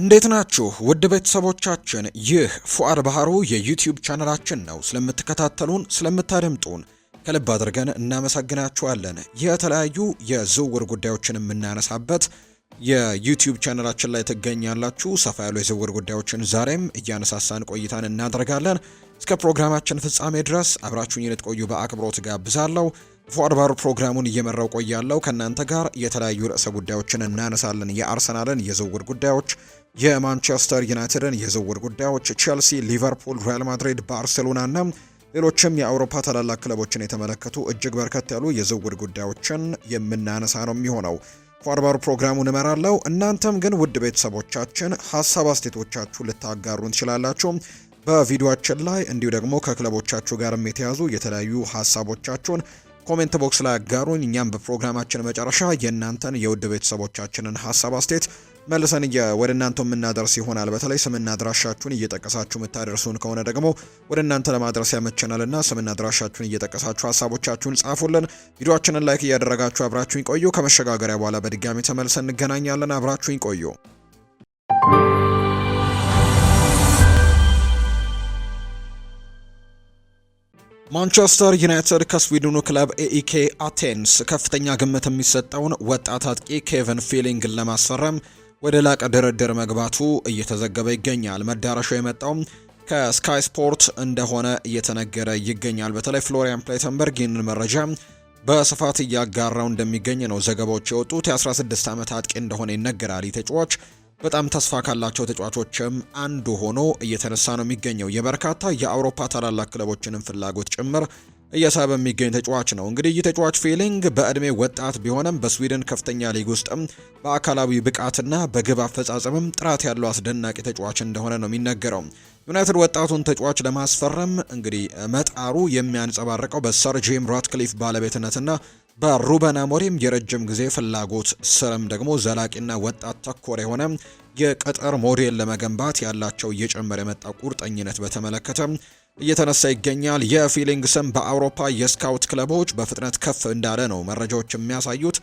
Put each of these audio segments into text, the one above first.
እንዴት ናችሁ ውድ ቤተሰቦቻችን? ይህ ፉአድ ባህሩ የዩቲዩብ ቻነላችን ነው። ስለምትከታተሉን ስለምታደምጡን ከልብ አድርገን እናመሰግናችኋለን። የተለያዩ የዝውውር ጉዳዮችን የምናነሳበት የዩቲዩብ ቻነላችን ላይ ትገኛላችሁ። ሰፋ ያሉ የዝውውር ጉዳዮችን ዛሬም እያነሳሳን ቆይታን እናደርጋለን። እስከ ፕሮግራማችን ፍጻሜ ድረስ አብራችሁኝ ልትቆዩ በአክብሮት ጋብዛለሁ። ፎርባር ፕሮግራሙን እየመራው ቆያለው። ከእናንተ ጋር የተለያዩ ርዕሰ ጉዳዮችን እናነሳለን። የአርሰናልን የዝውውር ጉዳዮች፣ የማንቸስተር ዩናይትድን የዝውውር ጉዳዮች፣ ቼልሲ፣ ሊቨርፑል፣ ሪያል ማድሪድ፣ ና ሌሎችም የአውሮፓ ታላላቅ ክለቦችን የተመለከቱ እጅግ በርከት ያሉ የዝውውር ጉዳዮችን የምናነሳ ነው የሚሆነው። ፎርባር ፕሮግራሙን እመራለሁ። እናንተም ግን ውድ ቤተሰቦቻችን ሀሳብ አስቴቶቻችሁ ልታጋሩን ትችላላችሁ በቪዲዮችን ላይ እንዲሁ ደግሞ ከክለቦቻችሁ ጋርም የተያዙ የተለያዩ ሀሳቦቻችሁን ኮሜንት ቦክስ ላይ አጋሩን። እኛም በፕሮግራማችን መጨረሻ የእናንተን የውድ ቤተሰቦቻችንን ሀሳብ አስተያየት መልሰን ወደ እናንተ የምናደርስ ይሆናል። በተለይ ስምና አድራሻችሁን እየጠቀሳችሁ የምታደርሱን ከሆነ ደግሞ ወደ እናንተ ለማድረስ ያመቸናልና ስምና አድራሻችሁን እየጠቀሳችሁ ሀሳቦቻችሁን ጻፉልን። ቪዲዮችንን ላይክ እያደረጋችሁ አብራችሁን ቆዩ። ከመሸጋገሪያ በኋላ በድጋሚ ተመልሰን እንገናኛለን። አብራችሁን ቆዩ። ማንቸስተር ዩናይትድ ከስዊድኑ ክለብ ኤኢኬ አቴንስ ከፍተኛ ግምት የሚሰጠውን ወጣት አጥቂ ኬቨን ፊሊንግን ለማስፈረም ወደ ላቀ ድርድር መግባቱ እየተዘገበ ይገኛል። መዳረሻው የመጣውም ከስካይ ስፖርት እንደሆነ እየተነገረ ይገኛል። በተለይ ፍሎሪያን ፕሌተንበርግ ይህንን መረጃ በስፋት እያጋራው እንደሚገኝ ነው ዘገባዎች የወጡት። የ16 ዓመት አጥቂ እንደሆነ ይነገራል። ተጫዋች በጣም ተስፋ ካላቸው ተጫዋቾችም አንዱ ሆኖ እየተነሳ ነው የሚገኘው። የበርካታ የአውሮፓ ታላላቅ ክለቦችንም ፍላጎት ጭምር እየሳበ የሚገኝ ተጫዋች ነው። እንግዲህ ይህ ተጫዋች ፌሊንግ በእድሜ ወጣት ቢሆንም በስዊድን ከፍተኛ ሊግ ውስጥም በአካላዊ ብቃትና በግብ አፈጻጸምም ጥራት ያለው አስደናቂ ተጫዋች እንደሆነ ነው የሚነገረው። ዩናይትድ ወጣቱን ተጫዋች ለማስፈረም እንግዲህ መጣሩ የሚያንጸባርቀው በሰር ጂም ራትክሊፍ ባለቤትነትና በሩበን አሞሪም የረጅም ጊዜ ፍላጎት ስርም ደግሞ ዘላቂና ወጣት ተኮር የሆነ የቅጥር ሞዴል ለመገንባት ያላቸው እየጨመረ የመጣ ቁርጠኝነት በተመለከተ እየተነሳ ይገኛል። የፊሊንግስን በአውሮፓ የስካውት ክለቦች በፍጥነት ከፍ እንዳለ ነው መረጃዎች የሚያሳዩት።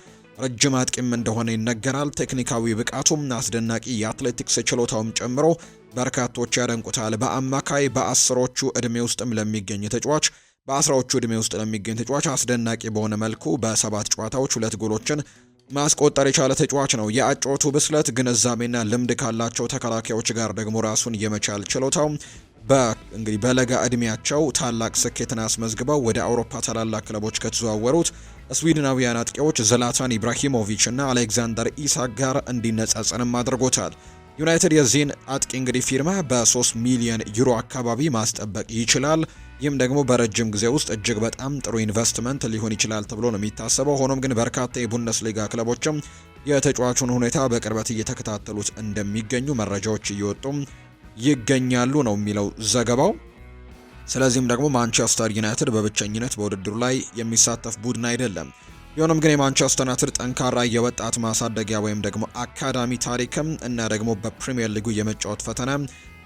ረጅም አጥቂም እንደሆነ ይነገራል። ቴክኒካዊ ብቃቱም አስደናቂ የአትሌቲክስ ችሎታውም ጨምሮ በርካቶች ያደንቁታል። በአማካይ በአስሮቹ ዕድሜ ውስጥም ለሚገኝ ተጫዋች በአስራዎቹ ዕድሜ ውስጥ ነው የሚገኝ ተጫዋች። አስደናቂ በሆነ መልኩ በሰባት ጨዋታዎች ሁለት ጎሎችን ማስቆጠር የቻለ ተጫዋች ነው። የአጨዋወቱ ብስለት፣ ግንዛቤና ልምድ ካላቸው ተከላካዮች ጋር ደግሞ ራሱን የመቻል ችሎታው በእንግዲህ በለጋ እድሜያቸው ታላቅ ስኬትን አስመዝግበው ወደ አውሮፓ ታላላቅ ክለቦች ከተዘዋወሩት ስዊድናዊያን አጥቂዎች ዘላታን ኢብራሂሞቪች እና አሌክዛንደር ኢሳክ ጋር እንዲነጻጸንም አድርጎታል። ዩናይትድ የዚህን አጥቂ እንግዲህ ፊርማ በ3 ሚሊዮን ዩሮ አካባቢ ማስጠበቅ ይችላል። ይህም ደግሞ በረጅም ጊዜ ውስጥ እጅግ በጣም ጥሩ ኢንቨስትመንት ሊሆን ይችላል ተብሎ ነው የሚታሰበው። ሆኖም ግን በርካታ የቡንደስሊጋ ክለቦችም የተጫዋቹን ሁኔታ በቅርበት እየተከታተሉት እንደሚገኙ መረጃዎች እየወጡ ይገኛሉ ነው የሚለው ዘገባው። ስለዚህም ደግሞ ማንቸስተር ዩናይትድ በብቸኝነት በውድድሩ ላይ የሚሳተፍ ቡድን አይደለም። የሆነም ግን የማንቸስተር ዩናይትድ ጠንካራ የወጣት ማሳደጊያ ወይም ደግሞ አካዳሚ ታሪክም እና ደግሞ በፕሪምየር ሊጉ የመጫወት ፈተና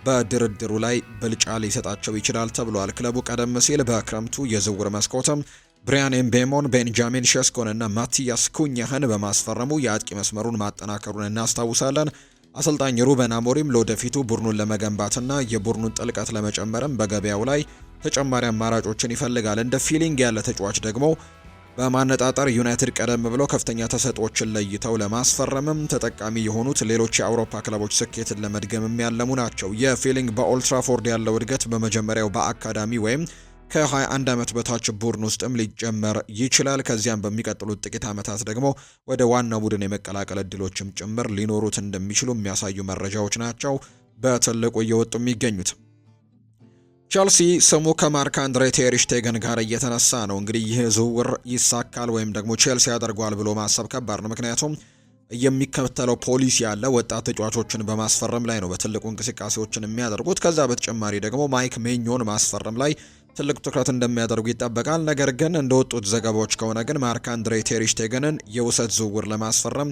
በድርድሩ ላይ ብልጫ ሊሰጣቸው ይችላል ተብሏል። ክለቡ ቀደም ሲል በክረምቱ የዝውውር መስኮትም ብሪያን ኤምቤሞን፣ ቤንጃሚን ሸስኮን እና ማቲያስ ኩኛህን በማስፈረሙ የአጥቂ መስመሩን ማጠናከሩን እናስታውሳለን። አሰልጣኝ ሩበን አሞሪም ለወደፊቱ ቡድኑን ለመገንባትና የቡድኑን ጥልቀት ለመጨመርም በገበያው ላይ ተጨማሪ አማራጮችን ይፈልጋል። እንደ ፊሊንግ ያለ ተጫዋች ደግሞ በማነጣጠር ዩናይትድ ቀደም ብሎ ከፍተኛ ተሰጦችን ለይተው ለማስፈረምም ተጠቃሚ የሆኑት ሌሎች የአውሮፓ ክለቦች ስኬትን ለመድገምም ያለሙ ናቸው። የፊሊንግ በኦልትራፎርድ ያለው እድገት በመጀመሪያው በአካዳሚ ወይም ከ21 ዓመት በታች ቡድን ውስጥም ሊጀመር ይችላል። ከዚያም በሚቀጥሉት ጥቂት ዓመታት ደግሞ ወደ ዋናው ቡድን የመቀላቀል እድሎችም ጭምር ሊኖሩት እንደሚችሉ የሚያሳዩ መረጃዎች ናቸው በትልቁ እየወጡ የሚገኙት። ቸልሲ ስሙ ከማርክ አንድሬ ቴርሽቴገን ጋር እየተነሳ ነው። እንግዲህ ይህ ዝውውር ይሳካል ወይም ደግሞ ቼልሲ ያደርጓል ብሎ ማሰብ ከባድ ነው። ምክንያቱም የሚከተለው ፖሊሲ ያለ ወጣት ተጫዋቾችን በማስፈረም ላይ ነው በትልቁ እንቅስቃሴዎችን የሚያደርጉት። ከዛ በተጨማሪ ደግሞ ማይክ ሜኞን ማስፈረም ላይ ትልቅ ትኩረት እንደሚያደርጉ ይጠበቃል። ነገር ግን እንደወጡት ዘገባዎች ከሆነ ግን ማርክ አንድሬ ቴርሽቴገንን የውሰት ዝውውር ለማስፈረም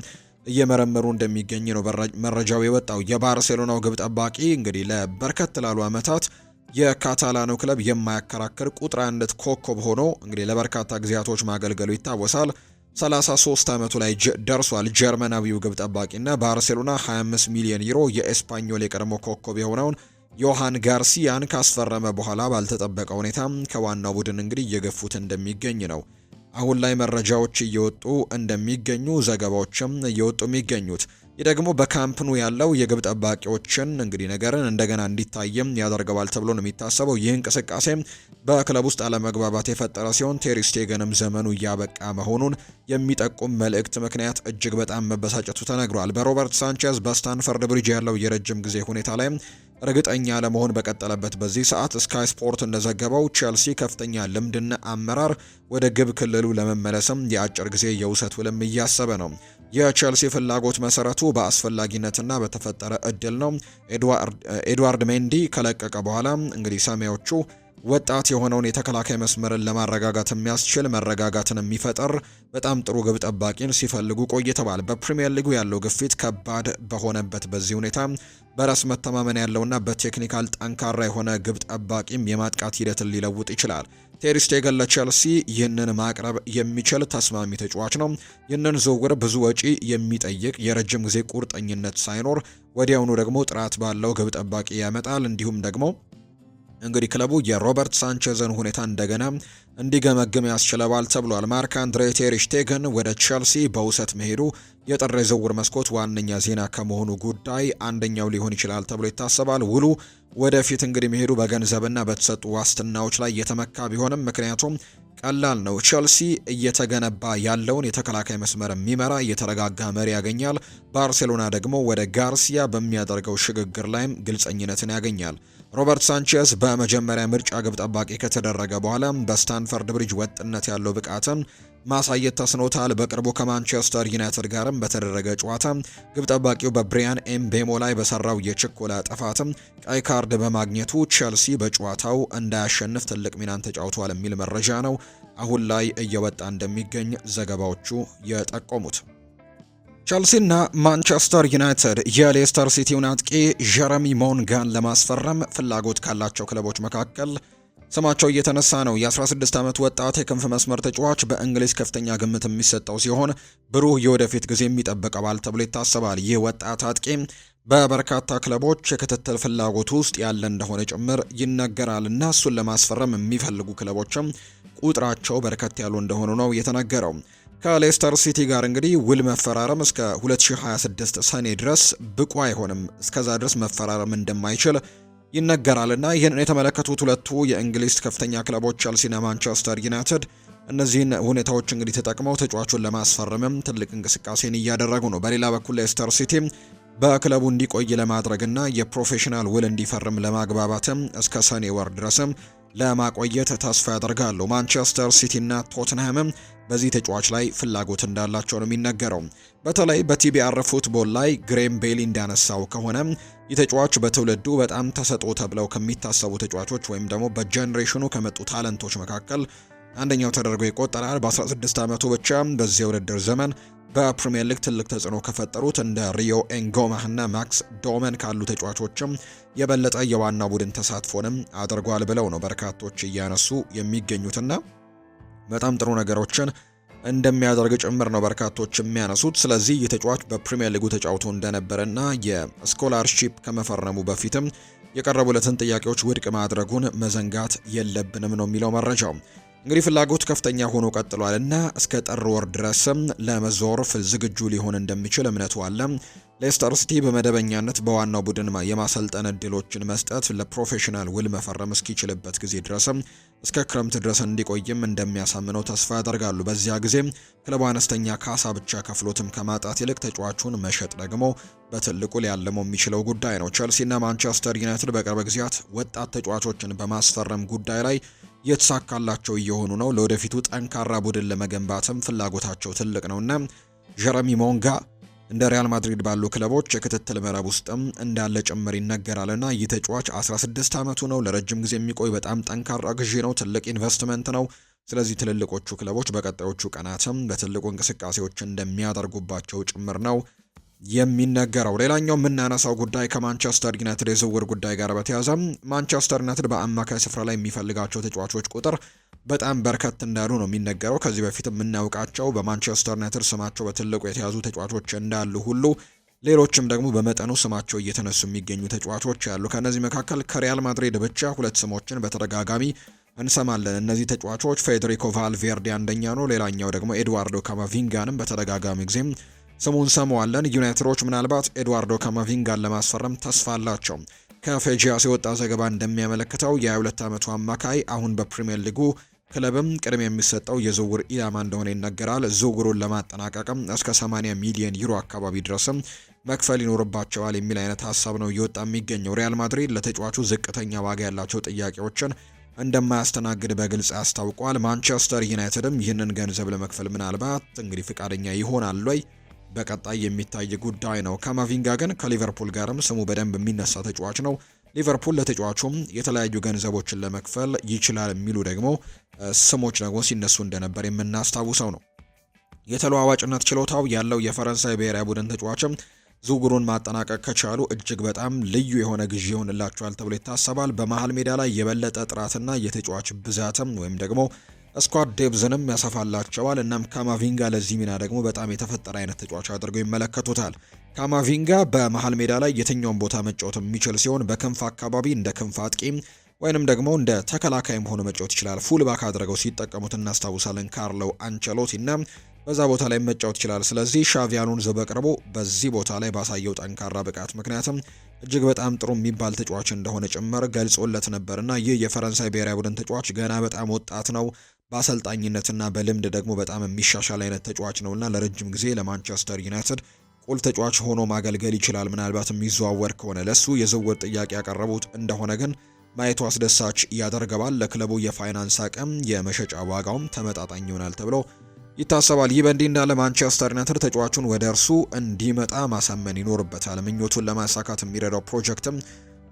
እየመረመሩ እንደሚገኝ ነው መረጃው የወጣው። የባርሴሎናው ግብ ጠባቂ እንግዲህ ለበርከት ላሉ ዓመታት የካታላኑ ክለብ የማያከራክር ቁጥር አንድ ኮከብ ሆኖ እንግዲህ ለበርካታ ጊዜያቶች ማገልገሉ ይታወሳል። 33 ዓመቱ ላይ ደርሷል። ጀርመናዊው ግብ ጠባቂና ባርሴሎና 25 ሚሊዮን ዩሮ የኤስፓኞል የቀድሞ ኮከብ የሆነውን ዮሃን ጋርሲያን ካስፈረመ በኋላ ባልተጠበቀ ሁኔታ ከዋናው ቡድን እንግዲህ እየገፉት እንደሚገኝ ነው አሁን ላይ መረጃዎች እየወጡ እንደሚገኙ ዘገባዎችም እየወጡ የሚገኙት። ይህ ደግሞ በካምፕኑ ያለው የግብ ጠባቂዎችን እንግዲህ ነገርን እንደገና እንዲታይም ያደርገዋል ተብሎ ነው የሚታሰበው። ይህ እንቅስቃሴ በክለብ ውስጥ አለመግባባት የፈጠረ ሲሆን ቴሪስቴገንም ዘመኑ እያበቃ መሆኑን የሚጠቁም መልእክት ምክንያት እጅግ በጣም መበሳጨቱ ተነግሯል። በሮበርት ሳንቼዝ በስታንፈርድ ብሪጅ ያለው የረጅም ጊዜ ሁኔታ ላይ እርግጠኛ ለመሆን በቀጠለበት በዚህ ሰዓት ስካይ ስፖርት እንደዘገበው ቼልሲ ከፍተኛ ልምድና አመራር ወደ ግብ ክልሉ ለመመለስም የአጭር ጊዜ የውሰት ውልም እያሰበ ነው። የቼልሲ ፍላጎት መሰረቱ በአስፈላጊነትና በተፈጠረ እድል ነው። ኤድዋርድ ሜንዲ ከለቀቀ በኋላ እንግዲህ ሰሜዎቹ ወጣት የሆነውን የተከላካይ መስመርን ለማረጋጋት የሚያስችል መረጋጋትን የሚፈጠር በጣም ጥሩ ግብ ጠባቂን ሲፈልጉ ቆይተዋል። በፕሪምየር ሊጉ ያለው ግፊት ከባድ በሆነበት በዚህ ሁኔታ በራስ መተማመን ያለውና በቴክኒካል ጠንካራ የሆነ ግብ ጠባቂም የማጥቃት ሂደትን ሊለውጥ ይችላል። ቴሪስቴገን ለቸልሲ ይህንን ማቅረብ የሚችል ተስማሚ ተጫዋች ነው። ይህንን ዝውውር ብዙ ወጪ የሚጠይቅ የረጅም ጊዜ ቁርጠኝነት ሳይኖር ወዲያውኑ ደግሞ ጥራት ባለው ግብ ጠባቂ ያመጣል። እንዲሁም ደግሞ እንግዲህ ክለቡ የሮበርት ሳንቸዝን ሁኔታ እንደገና እንዲገመግም ያስችለዋል ተብሏል። ማርክ አንድሬ ቴሪሽቴገን ወደ ቼልሲ በውሰት መሄዱ የጥር የዝውውር መስኮት ዋነኛ ዜና ከመሆኑ ጉዳይ አንደኛው ሊሆን ይችላል ተብሎ ይታሰባል። ውሉ ወደፊት እንግዲህ መሄዱ በገንዘብና በተሰጡ ዋስትናዎች ላይ የተመካ ቢሆንም ምክንያቱም ቀላል ነው። ቸልሲ እየተገነባ ያለውን የተከላካይ መስመር የሚመራ እየተረጋጋ መሪ ያገኛል። ባርሴሎና ደግሞ ወደ ጋርሲያ በሚያደርገው ሽግግር ላይም ግልጸኝነትን ያገኛል። ሮበርት ሳንቼዝ በመጀመሪያ ምርጫ ግብ ጠባቂ ከተደረገ በኋላ በስታንፈርድ ብሪጅ ወጥነት ያለው ብቃትን ማሳየት ተስኖታል። በቅርቡ ከማንቸስተር ዩናይትድ ጋርም በተደረገ ጨዋታ ግብ ጠባቂው በብሪያን ኤምቤሞ ላይ በሰራው የችኮላ ጥፋትም ቀይ ካርድ በማግኘቱ ቸልሲ በጨዋታው እንዳያሸንፍ ትልቅ ሚናን ተጫውቷል የሚል መረጃ ነው አሁን ላይ እየወጣ እንደሚገኝ ዘገባዎቹ የጠቆሙት። ቸልሲና ማንቸስተር ዩናይትድ የሌስተር ሲቲውን አጥቂ ጀረሚ ሞንጋን ለማስፈረም ፍላጎት ካላቸው ክለቦች መካከል ስማቸው እየተነሳ ነው። የ16 ዓመት ወጣት የክንፍ መስመር ተጫዋች በእንግሊዝ ከፍተኛ ግምት የሚሰጠው ሲሆን ብሩህ የወደፊት ጊዜ የሚጠበቀባል ተብሎ ይታሰባል። ይህ ወጣት አጥቂ በበርካታ ክለቦች የክትትል ፍላጎት ውስጥ ያለ እንደሆነ ጭምር ይነገራል እና እሱን ለማስፈረም የሚፈልጉ ክለቦችም ቁጥራቸው በርከት ያሉ እንደሆኑ ነው የተነገረው። ከሌስተር ሲቲ ጋር እንግዲህ ውል መፈራረም እስከ 2026 ሰኔ ድረስ ብቁ አይሆንም። እስከዛ ድረስ መፈራረም እንደማይችል ይነገራልና ይህንን የተመለከቱት ሁለቱ የእንግሊዝ ከፍተኛ ክለቦች ቸልሲና ማንቸስተር ዩናይትድ እነዚህን ሁኔታዎች እንግዲህ ተጠቅመው ተጫዋቹን ለማስፈረምም ትልቅ እንቅስቃሴን እያደረጉ ነው። በሌላ በኩል ሌስተር ሲቲ በክለቡ እንዲቆይ ለማድረግና የፕሮፌሽናል ውል እንዲፈርም ለማግባባትም እስከ ሰኔ ወር ድረስም ለማቆየት ተስፋ ያደርጋሉ። ማንቸስተር ሲቲና ቶትንሃምም በዚህ ተጫዋች ላይ ፍላጎት እንዳላቸው ነው የሚነገረው። በተለይ በቲቢአር ፉትቦል ላይ ግሬም ቤሊ እንዳነሳው ከሆነ የተጫዋች በትውልዱ በጣም ተሰጥኦ ተብለው ከሚታሰቡ ተጫዋቾች ወይም ደግሞ በጀኔሬሽኑ ከመጡ ታለንቶች መካከል አንደኛው ተደርጎ ይቆጠራል። በ16 ዓመቱ ብቻ በዚህ የውድድር ዘመን በፕሪምየር ሊግ ትልቅ ተጽዕኖ ከፈጠሩት እንደ ሪዮ ኤንጎማህ ማክስ ዶመን ካሉ ተጫዋቾችም የበለጠ የዋና ቡድን ተሳትፎንም አድርጓል ብለው ነው በርካቶች እያነሱ የሚገኙትና በጣም ጥሩ ነገሮችን እንደሚያደርግ ጭምር ነው በርካቶች የሚያነሱት። ስለዚህ የተጫዋች በፕሪሚየር ሊጉ ተጫውቶ እንደነበረና የስኮላርሺፕ ከመፈረሙ በፊትም የቀረቡለትን ጥያቄዎች ውድቅ ማድረጉን መዘንጋት የለብንም ነው የሚለው መረጃው። እንግዲህ ፍላጎት ከፍተኛ ሆኖ ቀጥሏልና እስከ ጥር ወር ድረስም ለመዞር ዝግጁ ሊሆን እንደሚችል እምነቱ አለ። ሌስተር ሲቲ በመደበኛነት በዋናው ቡድን የማሰልጠን እድሎችን መስጠት ለፕሮፌሽናል ውል መፈረም እስኪችልበት ጊዜ ድረስም እስከ ክረምት ድረስ እንዲቆይም እንደሚያሳምነው ተስፋ ያደርጋሉ። በዚያ ጊዜ ክለቡ አነስተኛ ካሳ ብቻ ከፍሎትም ከማጣት ይልቅ ተጫዋቹን መሸጥ ደግሞ በትልቁ ሊያለመው የሚችለው ጉዳይ ነው። ቸልሲና ማንቸስተር ዩናይትድ በቅርብ ጊዜያት ወጣት ተጫዋቾችን በማስፈረም ጉዳይ ላይ የተሳካላቸው እየሆኑ ነው። ለወደፊቱ ጠንካራ ቡድን ለመገንባትም ፍላጎታቸው ትልቅ ነውና ጀረሚ ሞንጋ እንደ ሪያል ማድሪድ ባሉ ክለቦች የክትትል መረብ ውስጥም እንዳለ ጭምር ይነገራልና ይህ ተጫዋች 16 ዓመቱ ነው። ለረጅም ጊዜ የሚቆይ በጣም ጠንካራ ግዢ ነው። ትልቅ ኢንቨስትመንት ነው። ስለዚህ ትልልቆቹ ክለቦች በቀጣዮቹ ቀናትም በትልቁ እንቅስቃሴዎች እንደሚያደርጉባቸው ጭምር ነው የሚነገረው። ሌላኛው የምናነሳው ጉዳይ ከማንቸስተር ዩናይትድ የዝውውር ጉዳይ ጋር በተያያዘ ማንቸስተር ዩናይትድ በአማካይ ስፍራ ላይ የሚፈልጋቸው ተጫዋቾች ቁጥር በጣም በርከት እንዳሉ ነው የሚነገረው። ከዚህ በፊት የምናውቃቸው በማንቸስተር ዩናይትድ ስማቸው በትልቁ የተያዙ ተጫዋቾች እንዳሉ ሁሉ ሌሎችም ደግሞ በመጠኑ ስማቸው እየተነሱ የሚገኙ ተጫዋቾች አሉ። ከእነዚህ መካከል ከሪያል ማድሪድ ብቻ ሁለት ስሞችን በተደጋጋሚ እንሰማለን። እነዚህ ተጫዋቾች ፌዴሪኮ ቫልቬርዴ አንደኛ ነው። ሌላኛው ደግሞ ኤድዋርዶ ካማቪንጋንም በተደጋጋሚ ጊዜም ስሙ እንሰማዋለን። ዩናይትዶች ምናልባት ኤድዋርዶ ካማቪንጋን ለማስፈረም ተስፋ አላቸው። ከፌጂያስ የወጣ ዘገባ እንደሚያመለክተው የ22 ዓመቱ አማካይ አሁን በፕሪምየር ሊጉ ክለብም ቅድሚያ የሚሰጠው የዝውውር ኢላማ እንደሆነ ይነገራል። ዝውውሩን ለማጠናቀቅም እስከ 80 ሚሊዮን ዩሮ አካባቢ ድረስም መክፈል ይኖርባቸዋል የሚል አይነት ሀሳብ ነው እየወጣ የሚገኘው። ሪያል ማድሪድ ለተጫዋቹ ዝቅተኛ ዋጋ ያላቸው ጥያቄዎችን እንደማያስተናግድ በግልጽ አስታውቋል። ማንቸስተር ዩናይትድም ይህንን ገንዘብ ለመክፈል ምናልባት እንግዲህ ፍቃደኛ ይሆናል ወይ በቀጣይ የሚታይ ጉዳይ ነው። ካማቪንጋ ግን ከሊቨርፑል ጋርም ስሙ በደንብ የሚነሳ ተጫዋች ነው። ሊቨርፑል ለተጫዋቹም የተለያዩ ገንዘቦችን ለመክፈል ይችላል የሚሉ ደግሞ ስሞች ደግሞ ሲነሱ እንደነበር የምናስታውሰው ነው። የተለዋዋጭነት ችሎታው ያለው የፈረንሳይ ብሔራዊ ቡድን ተጫዋችም ዝውውሩን ማጠናቀቅ ከቻሉ እጅግ በጣም ልዩ የሆነ ግዢ ይሆንላቸዋል ተብሎ ይታሰባል። በመሀል ሜዳ ላይ የበለጠ ጥራትና የተጫዋች ብዛትም ወይም ደግሞ ስኳድ ዴብዝንም ያሰፋላቸዋል። እናም ካማቪንጋ ለዚህ ሚና ደግሞ በጣም የተፈጠረ አይነት ተጫዋች አድርገው ይመለከቱታል። ካማቪንጋ በመሀል ሜዳ ላይ የትኛውን ቦታ መጫወት የሚችል ሲሆን በክንፍ አካባቢ እንደ ክንፍ አጥቂ ወይንም ደግሞ እንደ ተከላካይም ሆኖ መጫወት ይችላል። ፉልባክ አድርገው ሲጠቀሙት እናስታውሳለን ካርሎ አንቸሎቲ እና በዛ ቦታ ላይ መጫወት ይችላል። ስለዚህ ሻቪያኑን አሎንሶ በዚህ ቦታ ላይ ባሳየው ጠንካራ ብቃት ምክንያትም እጅግ በጣም ጥሩ የሚባል ተጫዋች እንደሆነ ጭምር ገልጾለት ነበርና ይህ የፈረንሳይ ብሔራዊ ቡድን ተጫዋች ገና በጣም ወጣት ነው፣ በአሰልጣኝነትና በልምድ ደግሞ በጣም የሚሻሻል አይነት ተጫዋች ነውና ለረጅም ጊዜ ለማንቸስተር ዩናይትድ ቁል ተጫዋች ሆኖ ማገልገል ይችላል። ምናልባት የሚዘዋወር ከሆነ ለሱ የዝውውር ጥያቄ ያቀረቡት እንደሆነ ግን ማየቱ አስደሳች ያደርገዋል። ለክለቡ የፋይናንስ አቅም የመሸጫ ዋጋውም ተመጣጣኝ ይሆናል ተብሎ ይታሰባል። ይህ በእንዲህ እንዳለ ማንቸስተር ዩናይትድ ተጫዋቹን ወደ እርሱ እንዲመጣ ማሳመን ይኖርበታል። ምኞቱን ለማሳካት የሚረዳው ፕሮጀክትም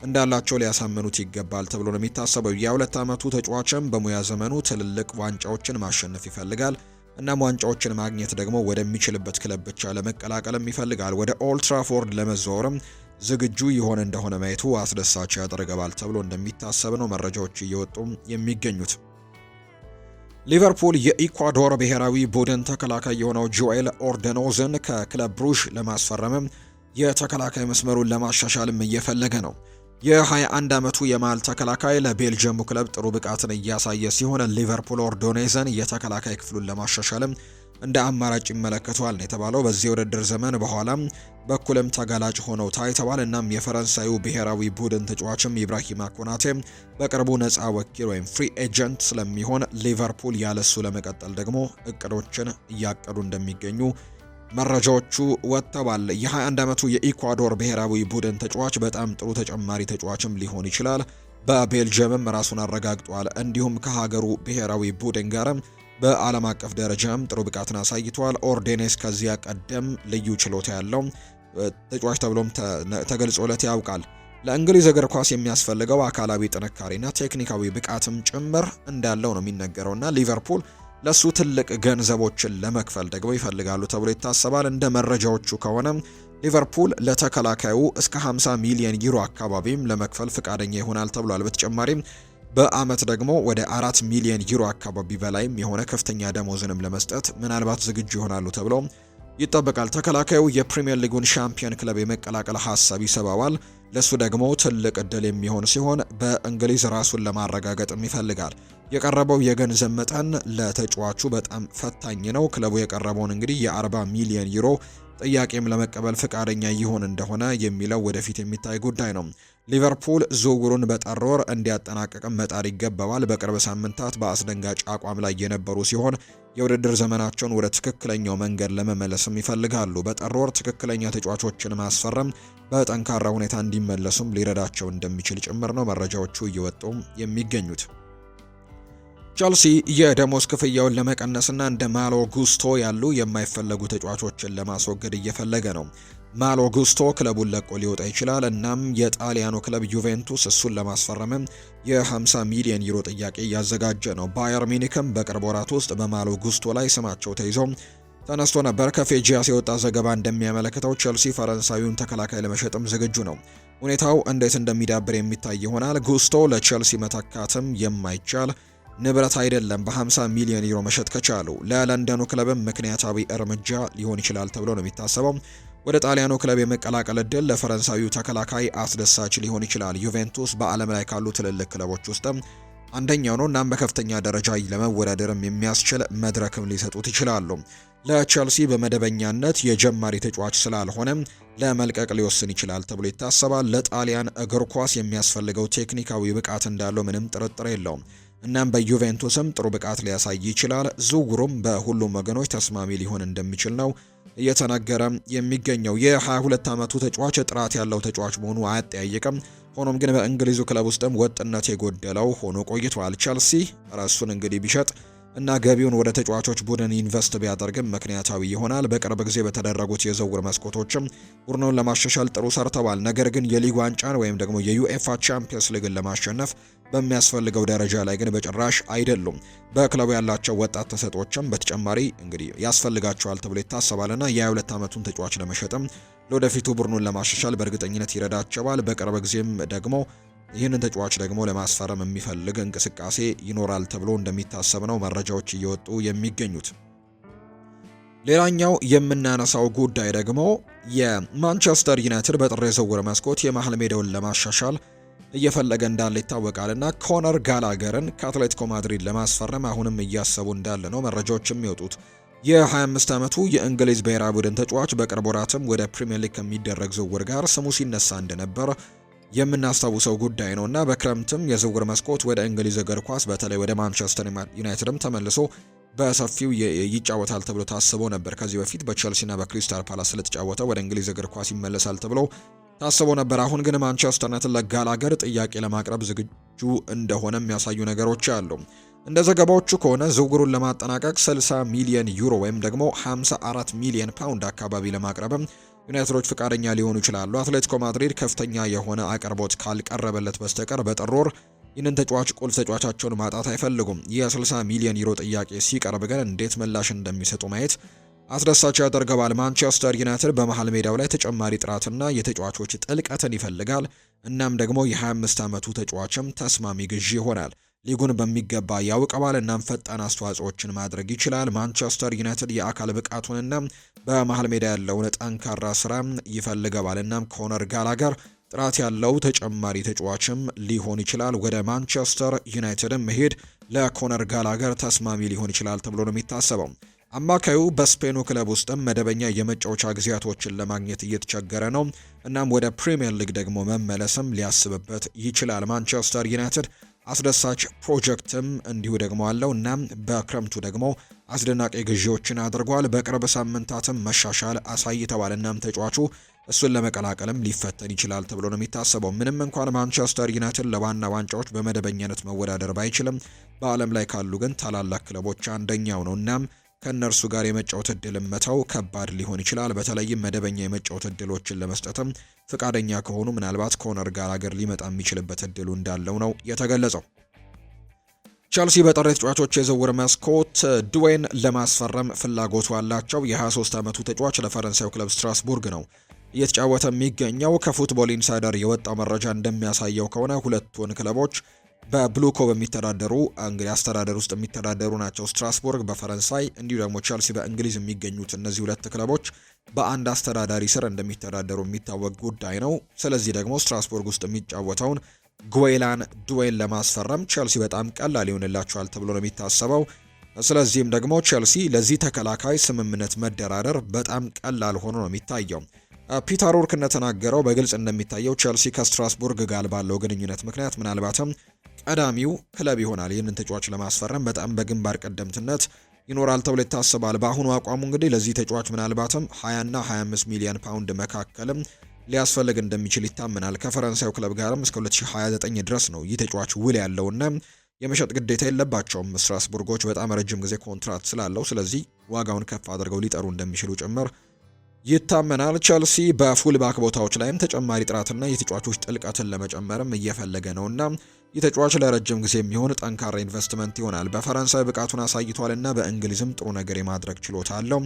እንዳላቸው ሊያሳምኑት ይገባል ተብሎ ነው የሚታሰበው። የሁለት ዓመቱ ተጫዋችም በሙያ ዘመኑ ትልልቅ ዋንጫዎችን ማሸነፍ ይፈልጋል። እናም ዋንጫዎችን ማግኘት ደግሞ ወደሚችልበት ክለብ ብቻ ለመቀላቀልም ይፈልጋል። ወደ ኦልትራፎርድ ለመዛወርም ዝግጁ የሆነ እንደሆነ ማየቱ አስደሳች ያደርገዋል ተብሎ እንደሚታሰብ ነው መረጃዎች እየወጡ የሚገኙት። ሊቨርፑል የኢኳዶር ብሔራዊ ቡድን ተከላካይ የሆነው ጆኤል ኦርደኖዝን ከክለብ ብሩሽ ለማስፈረምም የተከላካይ መስመሩን ለማሻሻልም እየፈለገ ነው። የ21 ዓመቱ የመሃል ተከላካይ ለቤልጅየሙ ክለብ ጥሩ ብቃትን እያሳየ ሲሆን ሊቨርፑል ኦርዶኔዘን የተከላካይ ክፍሉን ለማሻሻልም እንደ አማራጭ ይመለከተዋል ነው የተባለው። በዚህ የውድድር ዘመን በኋላም በኩልም ተጋላጭ ሆነው ታይተዋል። እናም የፈረንሳዩ ብሔራዊ ቡድን ተጫዋችም ኢብራሂማ ኮናቴ በቅርቡ ነፃ ወኪል ወይም ፍሪ ኤጀንት ስለሚሆን ሊቨርፑል ያለሱ ለመቀጠል ደግሞ እቅዶችን እያቀዱ እንደሚገኙ መረጃዎቹ ወጥተዋል። የ21 ዓመቱ የኢኳዶር ብሔራዊ ቡድን ተጫዋች በጣም ጥሩ ተጨማሪ ተጫዋችም ሊሆን ይችላል። በቤልጅየምም ራሱን አረጋግጧል። እንዲሁም ከሀገሩ ብሔራዊ ቡድን ጋርም በዓለም አቀፍ ደረጃም ጥሩ ብቃትን አሳይቷል። ኦርዴኔስ ከዚያ ቀደም ልዩ ችሎታ ያለው ተጫዋች ተብሎም ተገልጾለት ያውቃል። ለእንግሊዝ እግር ኳስ የሚያስፈልገው አካላዊ ጥንካሬና ቴክኒካዊ ብቃትም ጭምር እንዳለው ነው የሚነገረውና ሊቨርፑል ለሱ ትልቅ ገንዘቦችን ለመክፈል ደግሞ ይፈልጋሉ ተብሎ ይታሰባል። እንደ መረጃዎቹ ከሆነ ሊቨርፑል ለተከላካዩ እስከ 50 ሚሊዮን ዩሮ አካባቢም ለመክፈል ፍቃደኛ ይሆናል ተብሏል። በተጨማሪም በአመት ደግሞ ወደ አራት ሚሊዮን ዩሮ አካባቢ በላይም የሆነ ከፍተኛ ደሞዝንም ለመስጠት ምናልባት ዝግጁ ይሆናሉ ተብሎ ይጠበቃል። ተከላካዩ የፕሪምየር ሊጉን ሻምፒዮን ክለብ የመቀላቀል ሀሳብ ይሰባዋል። ለሱ ደግሞ ትልቅ እድል የሚሆን ሲሆን በእንግሊዝ ራሱን ለማረጋገጥም ይፈልጋል። የቀረበው የገንዘብ መጠን ለተጫዋቹ በጣም ፈታኝ ነው። ክለቡ የቀረበውን እንግዲህ የ40 ሚሊዮን ዩሮ ጥያቄም ለመቀበል ፈቃደኛ ይሆን እንደሆነ የሚለው ወደፊት የሚታይ ጉዳይ ነው። ሊቨርፑል ዝውውሩን በጥር ወር እንዲያጠናቀቅም መጣር ይገባዋል። በቅርብ ሳምንታት በአስደንጋጭ አቋም ላይ የነበሩ ሲሆን የውድድር ዘመናቸውን ወደ ትክክለኛው መንገድ ለመመለስም ይፈልጋሉ። በጥር ወር ትክክለኛ ተጫዋቾችን ማስፈረም በጠንካራ ሁኔታ እንዲመለሱም ሊረዳቸው እንደሚችል ጭምር ነው መረጃዎቹ እየወጡ የሚገኙት። ቸልሲ የደሞዝ ክፍያውን ለመቀነስና እንደ ማሎ ጉስቶ ያሉ የማይፈለጉ ተጫዋቾችን ለማስወገድ እየፈለገ ነው። ማሎ ጉስቶ ክለቡን ለቆ ሊወጣ ይችላል። እናም የጣሊያኑ ክለብ ዩቬንቱስ እሱን ለማስፈረምም የ50 ሚሊዮን ዩሮ ጥያቄ እያዘጋጀ ነው። ባየር ሚኒክም በቅርብ ወራት ውስጥ በማሎ ጉስቶ ላይ ስማቸው ተይዞ ተነስቶ ነበር። ከፌጂያስ የወጣ ዘገባ እንደሚያመለክተው ቸልሲ ፈረንሳዊውን ተከላካይ ለመሸጥም ዝግጁ ነው። ሁኔታው እንዴት እንደሚዳብር የሚታይ ይሆናል። ጉስቶ ለቸልሲ መተካትም የማይቻል ንብረት አይደለም በ50 ሚሊዮን ዩሮ መሸጥ ከቻሉ ለለንደኑ ክለብም ምክንያታዊ እርምጃ ሊሆን ይችላል ተብሎ ነው የሚታሰበው። ወደ ጣሊያኑ ክለብ የመቀላቀል እድል ለፈረንሳዊው ተከላካይ አስደሳች ሊሆን ይችላል። ዩቬንቱስ በዓለም ላይ ካሉ ትልልቅ ክለቦች ውስጥም አንደኛው ነው። እናም በከፍተኛ ደረጃ ለመወዳደርም የሚያስችል መድረክም ሊሰጡት ይችላሉ። ለቸልሲ በመደበኛነት የጀማሪ ተጫዋች ስላልሆነ ለመልቀቅ ሊወስን ይችላል ተብሎ ይታሰባል። ለጣሊያን እግር ኳስ የሚያስፈልገው ቴክኒካዊ ብቃት እንዳለው ምንም ጥርጥር የለውም። እናም በዩቬንቱስም ጥሩ ብቃት ሊያሳይ ይችላል። ዝውውሩም በሁሉም ወገኖች ተስማሚ ሊሆን እንደሚችል ነው እየተነገረ የሚገኘው። የ22 ዓመቱ ተጫዋች ጥራት ያለው ተጫዋች መሆኑ አያጠያይቅም። ሆኖም ግን በእንግሊዙ ክለብ ውስጥም ወጥነት የጎደለው ሆኖ ቆይቷል። ቸልሲ ራሱን እንግዲህ ቢሸጥ እና ገቢውን ወደ ተጫዋቾች ቡድን ኢንቨስት ቢያደርግም ምክንያታዊ ይሆናል። በቅርብ ጊዜ በተደረጉት የዝውውር መስኮቶችም ቡድኑን ለማሻሻል ጥሩ ሰርተዋል። ነገር ግን የሊግ ዋንጫን ወይም ደግሞ የዩኤፋ ቻምፒየንስ ሊግን ለማሸነፍ በሚያስፈልገው ደረጃ ላይ ግን በጭራሽ አይደሉም። በክለቡ ያላቸው ወጣት ተሰጦችም በተጨማሪ እንግዲህ ያስፈልጋቸዋል ተብሎ ይታሰባልና የ22 ዓመቱን ተጫዋች ለመሸጥም ለወደፊቱ ቡድኑን ለማሻሻል በእርግጠኝነት ይረዳቸዋል። በቅርብ ጊዜም ደግሞ ይህንን ተጫዋች ደግሞ ለማስፈረም የሚፈልግ እንቅስቃሴ ይኖራል ተብሎ እንደሚታሰብ ነው መረጃዎች እየወጡ የሚገኙት። ሌላኛው የምናነሳው ጉዳይ ደግሞ የማንቸስተር ዩናይትድ በጥር የዝውውር መስኮት የመሀል ሜዳውን ለማሻሻል እየፈለገ እንዳለ ይታወቃል እና ኮነር ጋላገርን ከአትሌቲኮ ማድሪድ ለማስፈረም አሁንም እያሰቡ እንዳለ ነው መረጃዎች የሚወጡት። የ25 ዓመቱ የእንግሊዝ ብሔራዊ ቡድን ተጫዋች በቅርብ ወራትም ወደ ፕሪምየር ሊግ ከሚደረግ ዝውውር ጋር ስሙ ሲነሳ እንደነበር የምናስታውሰው ጉዳይ ነው እና በክረምትም የዝውውር መስኮት ወደ እንግሊዝ እግር ኳስ በተለይ ወደ ማንቸስተር ዩናይትድም ተመልሶ በሰፊው ይጫወታል ተብሎ ታስቦ ነበር። ከዚህ በፊት በቸልሲና በክሪስታል ፓላስ ስለተጫወተ ወደ እንግሊዝ እግር ኳስ ይመለሳል ተብሎ ታስቦ ነበር። አሁን ግን ማንቸስተር ዩናይትድ ለጋላገር ጥያቄ ለማቅረብ ዝግጁ እንደሆነ የሚያሳዩ ነገሮች አሉ። እንደ ዘገባዎቹ ከሆነ ዝውውሩን ለማጠናቀቅ 60 ሚሊዮን ዩሮ ወይም ደግሞ 54 ሚሊዮን ፓውንድ አካባቢ ለማቅረብም ዩናይትዶች ፍቃደኛ ሊሆኑ ይችላሉ። አትሌቲኮ ማድሪድ ከፍተኛ የሆነ አቅርቦት ካልቀረበለት በስተቀር ወር ይህንን ተጫዋች ቁልፍ ተጫዋቻቸውን ማጣት አይፈልጉም። ይህ የ60 ሚሊዮን ዩሮ ጥያቄ ሲቀርብ ግን እንዴት ምላሽ እንደሚሰጡ ማየት አስደሳች ያደርገዋል። ማንቸስተር ዩናይትድ በመሃል ሜዳው ላይ ተጨማሪ ጥራትና የተጫዋቾች ጥልቀትን ይፈልጋል። እናም ደግሞ የ25 ዓመቱ ተጫዋችም ተስማሚ ግዢ ይሆናል። ሊጉን በሚገባ ያውቀዋል። እናም ፈጣን አስተዋጽኦችን ማድረግ ይችላል። ማንቸስተር ዩናይትድ የአካል ብቃቱንና በመሀል ሜዳ ያለውን ጠንካራ ስራ ይፈልገዋል። እናም ኮነር ጋላገር ጥራት ያለው ተጨማሪ ተጫዋችም ሊሆን ይችላል። ወደ ማንቸስተር ዩናይትድም መሄድ ለኮነር ጋላገር ተስማሚ ሊሆን ይችላል ተብሎ ነው የሚታሰበው። አማካዩ በስፔኑ ክለብ ውስጥም መደበኛ የመጫወቻ ጊዜያቶችን ለማግኘት እየተቸገረ ነው። እናም ወደ ፕሪምየር ሊግ ደግሞ መመለስም ሊያስብበት ይችላል። ማንቸስተር ዩናይትድ አስደሳች ፕሮጀክትም እንዲሁ ደግሞ አለው። እናም በክረምቱ ደግሞ አስደናቂ ግዢዎችን አድርጓል። በቅርብ ሳምንታትም መሻሻል አሳይተዋል። እናም ተጫዋቹ እሱን ለመቀላቀልም ሊፈተን ይችላል ተብሎ ነው የሚታሰበው። ምንም እንኳን ማንቸስተር ዩናይትድ ለዋና ዋንጫዎች በመደበኛነት መወዳደር ባይችልም በዓለም ላይ ካሉ ግን ታላላቅ ክለቦች አንደኛው ነው። እናም ከእነርሱ ጋር የመጫወት እድል መተው ከባድ ሊሆን ይችላል። በተለይም መደበኛ የመጫወት እድሎችን ለመስጠትም ፍቃደኛ ከሆኑ ምናልባት ኮነር ጋላገር ሊመጣ የሚችልበት እድሉ እንዳለው ነው የተገለጸው። ቸልሲ በጥር ተጫዋቾች የዝውውር መስኮት ድዌን ለማስፈረም ፍላጎቱ አላቸው። የ23 ዓመቱ ተጫዋች ለፈረንሳዩ ክለብ ስትራስቡርግ ነው እየተጫወተ የሚገኘው። ከፉትቦል ኢንሳይደር የወጣው መረጃ እንደሚያሳየው ከሆነ ሁለቱን ክለቦች በብሉኮ በሚተዳደሩ እንግዲህ አስተዳደር ውስጥ የሚተዳደሩ ናቸው። ስትራስቡርግ በፈረንሳይ እንዲሁ ደግሞ ቸልሲ በእንግሊዝ የሚገኙት እነዚህ ሁለት ክለቦች በአንድ አስተዳዳሪ ስር እንደሚተዳደሩ የሚታወቅ ጉዳይ ነው። ስለዚህ ደግሞ ስትራስቡርግ ውስጥ የሚጫወተውን ጉዌላን ዱዌን ለማስፈረም ቸልሲ በጣም ቀላል ይሆንላቸዋል ተብሎ ነው የሚታሰበው። ስለዚህም ደግሞ ቸልሲ ለዚህ ተከላካይ ስምምነት መደራደር በጣም ቀላል ሆኖ ነው የሚታየው። ፒተር ኦርክ እንደተናገረው በግልጽ እንደሚታየው ቸልሲ ከስትራስቡርግ ጋር ባለው ግንኙነት ምክንያት ምናልባትም ቀዳሚው ክለብ ይሆናል። ይህንን ተጫዋች ለማስፈረም በጣም በግንባር ቀደምትነት ይኖራል ተብሎ ይታሰባል። በአሁኑ አቋሙ እንግዲህ ለዚህ ተጫዋች ምናልባትም 20ና 25 ሚሊዮን ፓውንድ መካከልም ሊያስፈልግ እንደሚችል ይታመናል። ከፈረንሳዩ ክለብ ጋርም እስከ 2029 ድረስ ነው ይህ ተጫዋች ውል ያለውና የመሸጥ ግዴታ የለባቸውም ስትራስቡርጎች በጣም ረጅም ጊዜ ኮንትራት ስላለው፣ ስለዚህ ዋጋውን ከፍ አድርገው ሊጠሩ እንደሚችሉ ጭምር ይታመናል። ቸልሲ በፉልባክ ቦታዎች ላይም ተጨማሪ ጥራትና የተጫዋቾች ጥልቀትን ለመጨመርም እየፈለገ ነውና ይህ ተጫዋች ለረጅም ጊዜ የሚሆን ጠንካራ ኢንቨስትመንት ይሆናል። በፈረንሳይ ብቃቱን አሳይቷልና በእንግሊዝም ጥሩ ነገር የማድረግ ችሎታ አለው።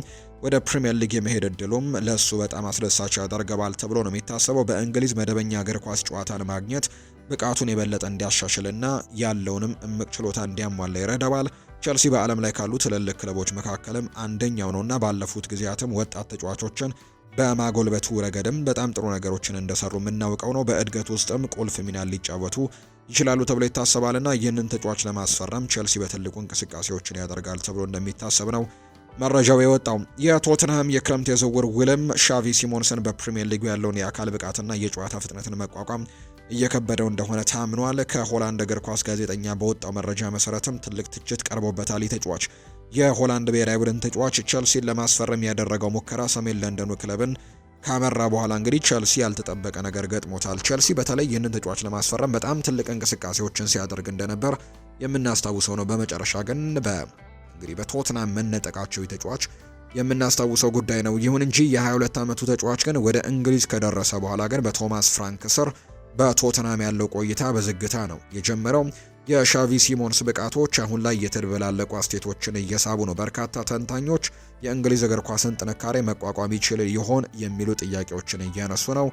ወደ ፕሪምየር ሊግ የመሄድ እድሉም ለእሱ በጣም አስደሳች ያደርገዋል ተብሎ ነው የሚታሰበው። በእንግሊዝ መደበኛ እግር ኳስ ጨዋታን ማግኘት ብቃቱን የበለጠ እንዲያሻሽልና ያለውንም እምቅ ችሎታ እንዲያሟላ ይረዳዋል። ቸልሲ በዓለም ላይ ካሉ ትልልቅ ክለቦች መካከልም አንደኛው ነውና ባለፉት ጊዜያትም ወጣት ተጫዋቾችን በማጎልበቱ ረገድም በጣም ጥሩ ነገሮችን እንደሰሩ የምናውቀው ነው። በእድገት ውስጥም ቁልፍ ሚና ሊጫወቱ ይችላሉ ተብሎ ይታሰባልና ይህንን ተጫዋች ለማስፈረም ቼልሲ በትልቁ እንቅስቃሴዎችን ያደርጋል ተብሎ እንደሚታሰብ ነው መረጃው የወጣው የቶትንሃም የክረምት የዝውውር ውልም ሻቪ ሲሞንሰን በፕሪምየር ሊጉ ያለውን የአካል ብቃትና የጨዋታ ፍጥነትን መቋቋም እየከበደው እንደሆነ ታምኗል። ከሆላንድ እግር ኳስ ጋዜጠኛ በወጣው መረጃ መሰረትም ትልቅ ትችት ቀርቦበታል። ተጫዋች የሆላንድ ብሔራዊ ቡድን ተጫዋች ቸልሲን ለማስፈረም ያደረገው ሙከራ ሰሜን ለንደኑ ክለብን ካመራ በኋላ እንግዲህ ቸልሲ ያልተጠበቀ ነገር ገጥሞታል። ቸልሲ በተለይ ይህንን ተጫዋች ለማስፈረም በጣም ትልቅ እንቅስቃሴዎችን ሲያደርግ እንደነበር የምናስታውሰው ነው። በመጨረሻ ግን እንግዲህ በቶትናም መነጠቃቸው ተጫዋች የምናስታውሰው ጉዳይ ነው። ይሁን እንጂ የ22 ዓመቱ ተጫዋች ግን ወደ እንግሊዝ ከደረሰ በኋላ ግን በቶማስ ፍራንክ ስር በቶትናም ያለው ቆይታ በዝግታ ነው የጀመረው። የሻቪ ሲሞንስ ብቃቶች አሁን ላይ የተደበላለቁ አስቴቶችን እየሳቡ ነው። በርካታ ተንታኞች የእንግሊዝ እግር ኳስን ጥንካሬ መቋቋም ይችል ይሆን የሚሉ ጥያቄዎችን እያነሱ ነው።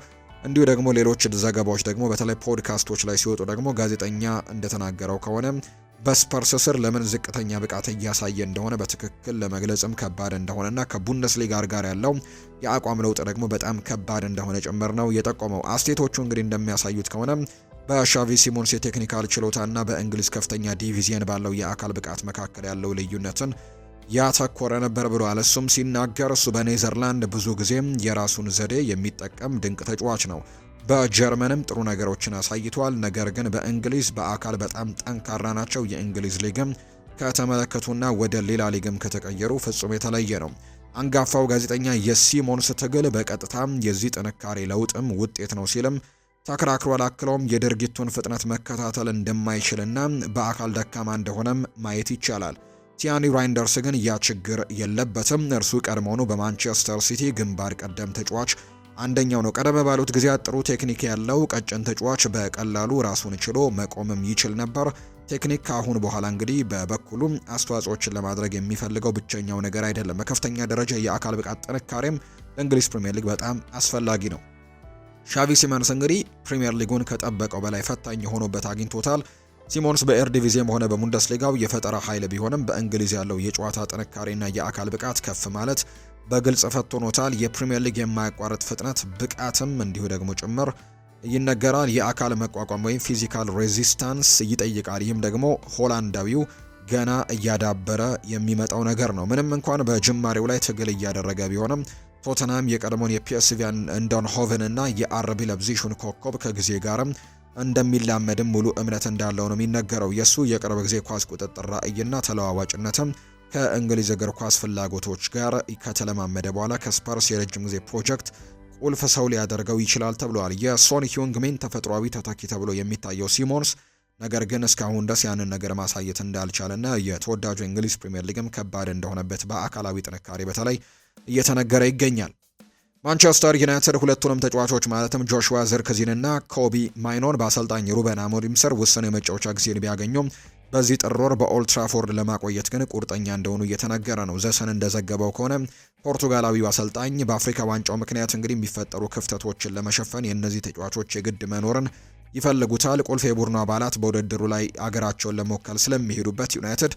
እንዲሁ ደግሞ ሌሎች ዘገባዎች ደግሞ በተለይ ፖድካስቶች ላይ ሲወጡ ደግሞ ጋዜጠኛ እንደተናገረው ከሆነ በስፐርስ ስር ለምን ዝቅተኛ ብቃት እያሳየ እንደሆነ በትክክል ለመግለጽም ከባድ እንደሆነና ከቡንደስሊጋር ጋር ያለው የአቋም ለውጥ ደግሞ በጣም ከባድ እንደሆነ ጭምር ነው የጠቆመው። አስቴቶቹ እንግዲህ እንደሚያሳዩት ከሆነ በሻቪ ሲሞንስ የቴክኒካል ችሎታና በእንግሊዝ ከፍተኛ ዲቪዚየን ባለው የአካል ብቃት መካከል ያለው ልዩነትን ያተኮረ ነበር ብሏል። እሱም ሲናገር እሱ በኔዘርላንድ ብዙ ጊዜም የራሱን ዘዴ የሚጠቀም ድንቅ ተጫዋች ነው። በጀርመንም ጥሩ ነገሮችን አሳይቷል። ነገር ግን በእንግሊዝ በአካል በጣም ጠንካራ ናቸው። የእንግሊዝ ሊግም ከተመለከቱና ወደ ሌላ ሊግም ከተቀየሩ ፍጹም የተለየ ነው። አንጋፋው ጋዜጠኛ የሲሞንስ ትግል በቀጥታም የዚህ ጥንካሬ ለውጥም ውጤት ነው ሲልም ተከራክሯል። አክለውም የድርጊቱን ፍጥነት መከታተል እንደማይችልና በአካል ደካማ እንደሆነም ማየት ይቻላል። ቲያኒ ራይንደርስ ግን ያ ችግር የለበትም። እርሱ ቀድሞውኑ በማንቸስተር ሲቲ ግንባር ቀደም ተጫዋች አንደኛው ነው። ቀደም ባሉት ጊዜያት ጥሩ ቴክኒክ ያለው ቀጭን ተጫዋች በቀላሉ ራሱን ችሎ መቆምም ይችል ነበር። ቴክኒክ ከአሁን በኋላ እንግዲህ በበኩሉም አስተዋጽኦችን ለማድረግ የሚፈልገው ብቸኛው ነገር አይደለም። በከፍተኛ ደረጃ የአካል ብቃት ጥንካሬም ለእንግሊዝ ፕሪምየር ሊግ በጣም አስፈላጊ ነው። ሻቪ ሲመንስ እንግዲህ ፕሪምየር ሊጉን ከጠበቀው በላይ ፈታኝ የሆኖበት አግኝቶታል። ሲሞንስ በኤርዲቪዜም ሆነ በቡንደስሊጋው የፈጠራ ኃይል ቢሆንም በእንግሊዝ ያለው የጨዋታ ጥንካሬና የአካል ብቃት ከፍ ማለት በግልጽ ፈትኖታል። የፕሪምየር ሊግ የማያቋርጥ ፍጥነት ብቃትም እንዲሁ ደግሞ ጭምር ይነገራል። የአካል መቋቋም ወይም ፊዚካል ሬዚስታንስ ይጠይቃል። ይህም ደግሞ ሆላንዳዊው ገና እያዳበረ የሚመጣው ነገር ነው። ምንም እንኳን በጅማሬው ላይ ትግል እያደረገ ቢሆንም ቶተናም የቀድሞውን የፒኤስቪያን እንደን ሆቨን እና የአርቢ ለብዚሹን ኮከብ ከጊዜ ጋርም እንደሚላመድም ሙሉ እምነት እንዳለው ነው የሚነገረው። የእሱ የቅርብ ጊዜ ኳስ ቁጥጥር ራዕይና ተለዋዋጭነትም ከእንግሊዝ እግር ኳስ ፍላጎቶች ጋር ከተለማመደ በኋላ ከስፐርስ የረጅም ጊዜ ፕሮጀክት ቁልፍ ሰው ሊያደርገው ይችላል ተብሏል። የሶን ሂዩንግሜን ተፈጥሯዊ ተተኪ ተብሎ የሚታየው ሲሞንስ ነገር ግን እስካሁን ድረስ ያንን ነገር ማሳየት እንዳልቻለና የተወዳጁ እንግሊዝ ፕሪምየር ሊግም ከባድ እንደሆነበት በአካላዊ ጥንካሬ በተለይ እየተነገረ ይገኛል። ማንቸስተር ዩናይትድ ሁለቱንም ተጫዋቾች ማለትም ጆሹዋ ዝርክዚንና ኮቢ ማይኖን በአሰልጣኝ ሩበን አሞሪም ስር ውስን የመጫወቻ ጊዜን ቢያገኙም በዚህ ጥር ወር ለማቆየት ግን ቁርጠኛ እንደሆኑ እየተነገረ ነው። ዘሰን እንደዘገበው ከሆነ ፖርቱጋላዊው አሰልጣኝ በአፍሪካ ዋንጫው ምክንያት እንግዲህ የሚፈጠሩ ክፍተቶችን ለመሸፈን የእነዚህ ተጫዋቾች የግድ መኖርን ይፈልጉታል። ቁልፍ የቡድኑ አባላት በውድድሩ ላይ አገራቸውን ለመወከል ስለሚሄዱበት ዩናይትድ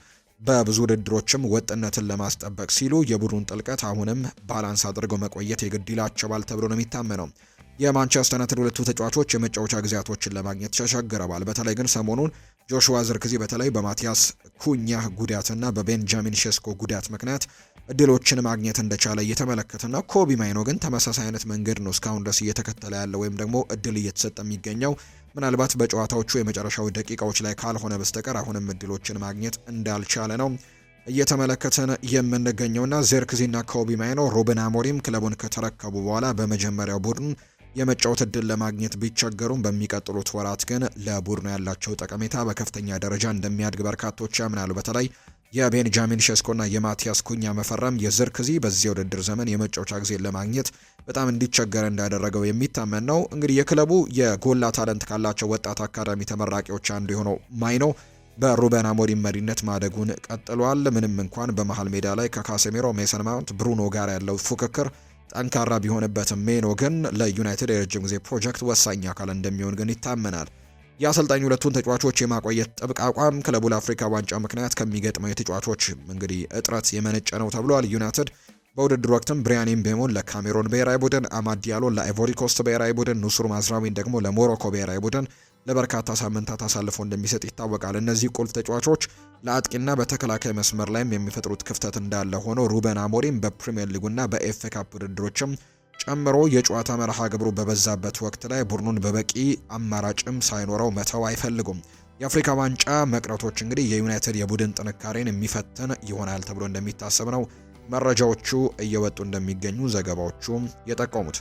በብዙ ውድድሮችም ወጥነትን ለማስጠበቅ ሲሉ የቡድን ጥልቀት አሁንም ባላንስ አድርገው መቆየት የግድ ይላቸዋል ተብሎ ነው የሚታመነው። የማንቸስተር ዩናይትድ ሁለቱ ተጫዋቾች የመጫወቻ ጊዜያቶችን ለማግኘት ተሻግረዋል። በተለይ ግን ሰሞኑን ጆሹዋ ዝርክዚ በተለይ በማቲያስ ኩኛ ጉዳትና በቤንጃሚን ሼስኮ ጉዳት ምክንያት እድሎችን ማግኘት እንደቻለ እየተመለከትና ኮቢ ማይኖ ግን ተመሳሳይ አይነት መንገድ ነው እስካሁን ድረስ እየተከተለ ያለ ወይም ደግሞ እድል እየተሰጠ የሚገኘው ምናልባት በጨዋታዎቹ የመጨረሻው ደቂቃዎች ላይ ካልሆነ በስተቀር አሁንም እድሎችን ማግኘት እንዳልቻለ ነው እየተመለከተን የምንገኘውና ዘርክዚና ኮቢ ማይኖ ሩበን አሞሪም ክለቡን ከተረከቡ በኋላ በመጀመሪያው ቡድን የመጫወት እድል ለማግኘት ቢቸገሩም በሚቀጥሉት ወራት ግን ለቡድኑ ያላቸው ጠቀሜታ በከፍተኛ ደረጃ እንደሚያድግ በርካቶች ያምናሉ። በተለይ የቤንጃሚን ሸስኮና የማቲያስ ኩኛ መፈረም የዘርክዚ በዚህ ውድድር ዘመን የመጫወቻ ጊዜን ለማግኘት በጣም እንዲቸገረ እንዳደረገው የሚታመን ነው። እንግዲህ የክለቡ የጎላ ታለንት ካላቸው ወጣት አካዳሚ ተመራቂዎች አንዱ የሆነው ማይኖ በሩበን አሞሪም መሪነት ማደጉን ቀጥሏል። ምንም እንኳን በመሃል ሜዳ ላይ ከካሴሜሮ፣ ሜሰን ማውንት፣ ብሩኖ ጋር ያለው ፉክክር ጠንካራ ቢሆንበትም ሜኖ ግን ለዩናይትድ የረጅም ጊዜ ፕሮጀክት ወሳኝ አካል እንደሚሆን ግን ይታመናል። የአሰልጣኝ ሁለቱን ተጫዋቾች የማቆየት ጥብቅ አቋም ክለቡ ለአፍሪካ ዋንጫ ምክንያት ከሚገጥመው የተጫዋቾች እንግዲህ እጥረት የመነጨ ነው ተብሏል። ዩናይትድ በውድድር ወቅትም ብሪያን ምቤሞን ለካሜሮን ብሔራዊ ቡድን፣ አማድ ዲያሎን ለአይቮሪኮስት ብሔራዊ ቡድን፣ ኑሱር ማዝራዊን ደግሞ ለሞሮኮ ብሔራዊ ቡድን ለበርካታ ሳምንታት አሳልፎ እንደሚሰጥ ይታወቃል። እነዚህ ቁልፍ ተጫዋቾች ለአጥቂና በተከላካይ መስመር ላይም የሚፈጥሩት ክፍተት እንዳለ ሆኖ ሩበን አሞሪም በፕሪምየር ሊጉና በኤፍ ካፕ ውድድሮችም ጨምሮ የጨዋታ መርሃ ግብሩ በበዛበት ወቅት ላይ ቡድኑን በበቂ አማራጭም ሳይኖረው መተው አይፈልጉም። የአፍሪካ ዋንጫ መቅረቶች እንግዲህ የዩናይትድ የቡድን ጥንካሬን የሚፈትን ይሆናል ተብሎ እንደሚታሰብ ነው መረጃዎቹ እየወጡ እንደሚገኙ ዘገባዎቹም የጠቆሙት።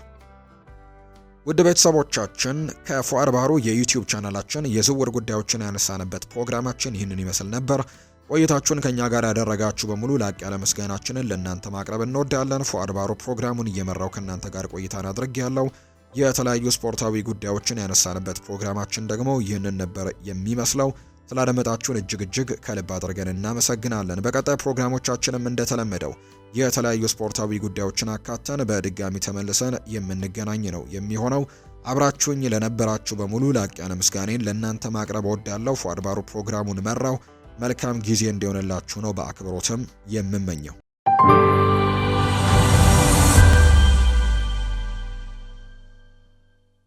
ውድ ቤተሰቦቻችን ከፏር ባህሩ የዩቲዩብ ቻናላችን የዝውውር ጉዳዮችን ያነሳንበት ፕሮግራማችን ይህንን ይመስል ነበር። ቆይታችሁን ከኛ ጋር ያደረጋችሁ በሙሉ ላቅ ያለ ምስጋናችንን ለእናንተ ማቅረብ እንወዳለን። ፉአድ ባሮ ፕሮግራሙን እየመራው ከእናንተ ጋር ቆይታን አድርግ ያለው የተለያዩ ስፖርታዊ ጉዳዮችን ያነሳንበት ፕሮግራማችን ደግሞ ይህንን ነበር የሚመስለው። ስላደመጣችሁን እጅግ እጅግ ከልብ አድርገን እናመሰግናለን። በቀጣይ ፕሮግራሞቻችንም እንደተለመደው የተለያዩ ስፖርታዊ ጉዳዮችን አካተን በድጋሚ ተመልሰን የምንገናኝ ነው የሚሆነው። አብራችሁኝ ለነበራችሁ በሙሉ ላቅ ያለ ምስጋኔን ለእናንተ ማቅረብ እወዳለሁ። ፏድባሩ ፕሮግራሙን መራው። መልካም ጊዜ እንዲሆንላችሁ ነው በአክብሮትም የምመኘው።